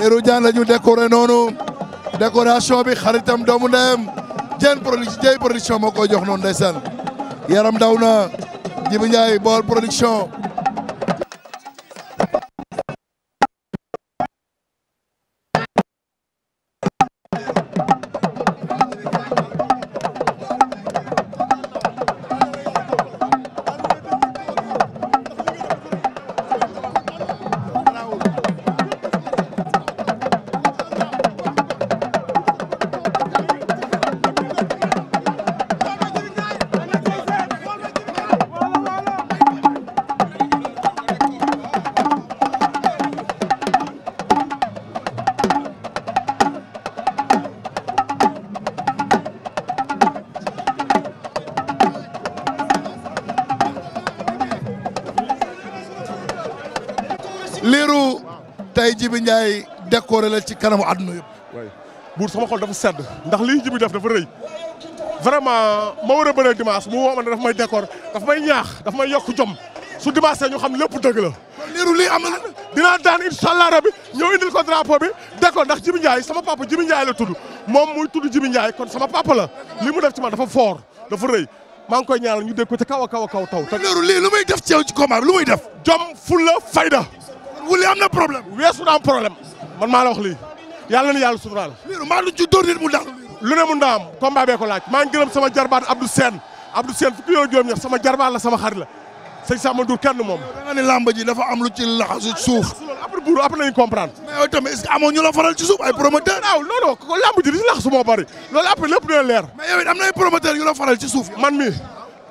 Lirou Diane la ñu décoré noonu décoration bi xaritam doomu ndeyam jën production jëy production moo koy jox noonu ndeysaan yaram daw na Djibi Ndiaye bool production tey Djiby Ndiaye décoré la ci kanamu àdduna yëpp. waay buur sama xol dafa sedd ndax lii Djiby def dafa rëy vraiment ma war a bëree dimanche mu woo ma ne dafa may décor dafa may ñaax dafa may yokk jom su dimanche ñu xam lépp dëgg la. liiru lii am na dinaa daan incha allah rabi ñëw indil ko drapeau bi décor ndax Djiby Ndiaye sama papa Djiby Ndiaye la tudd moom muy tudd Djiby Ndiaye kon sama papa la li mu def ci man dafa foor dafa rëy. maa ngi koy ñaanal ñu dégg ci te kaw a kaw a kaw taw. te leeru lii lu muy def ci yow ci combat bi lu muy def. jom fulla fayda. wuli am na problème. weesu na am problème. man maa la wax lii yàlla na yàlla suturaal. maa lu ci dóor nit mu lu ne mu ndaam combat bee ko laaj maa ngi sama jarbaat Abdou Sène Abdou Sène fukki yoo juróom ñaar sama jarbaat la sama xarit la sëñ Samba Ndour kenn moom. da nga ne làmb am lu ci laxasu suuf. ay promoteur waaw non non làmb ji di moo bari loolu après lépp dina leer. am na ay promoteur yu faral ci suuf. man mi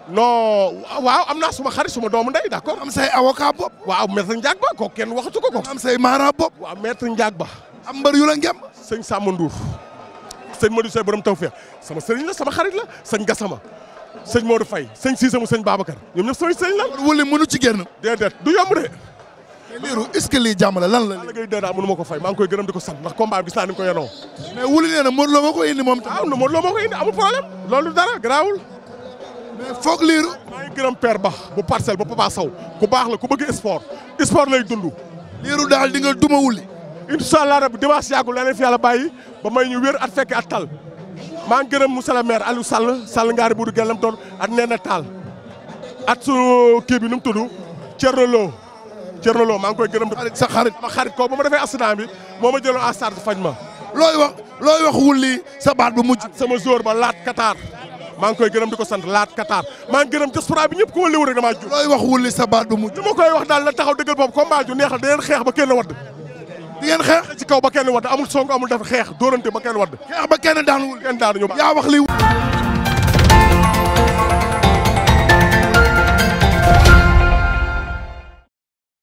non waaw am naa suma xarit suma doomu ndey d'accord. am say avocat bopp. waaw maître Ndiak Ba kooku kenn waxatu ko kooku. am say maara bopp. waaw maître Ndiak Ba. am mbër yu la ngem. sëñ Samba Ndour sëñ Modou Seye borom sama sëriñ la sama xarit la sëñ Gassama sëñ Modou fay sëñ Cissé mu sëñ Babacar ñoom ñëpp sooy sëñ la. wala mënu ci génn. déedéet du yomb de. liiru est-ce la lan la. lii da ngay mënu ma ko fay maa ngi ko sant ndax combat bi gis naa ni mu ko yanoo. wuli nee na Modou Lo ko indi moom. waaw Modou Lo moo ko indi amul problème dara garaawul foog liiru maa ngi gërëm per Ba bu parcelle ba Papa Sow ku baax la ku bëgg sport sport lay dund liiru daal di nga duma wuli incha allah rabbi dimanche yàggul leneen fi la bàyyi ba may ñu wér at fekk at tal maa ngi gërëm monsieur le maire Aliou Sall Sall ngaari budu gellam toon at nee na taal at su kii bi nu mu tudd Thierno Lo Thierno loo maa ngi koy gërëm sa xarit ma xarit ba ma defee accident bi moo ma jëloon en charge fañ ma looy wax looy wax wulli sa baat bu mujj sama jour ba laat maa ngi koy gërëm di ko sant laat Qatar maa ngi gërëm diaspora bi ñëpp ku ma léwu rek damaa jur looy wax wulli sa du mujj koy wax daal la taxaw dëggal boobu combat ju neexal da ngeen xeex ba kenn wadd di ngeen xeex ci kaw ba kenn wadd amul song amul dafa xeex dóorante ba kenn wadd xeex ba kenn daanu wul kenn daanu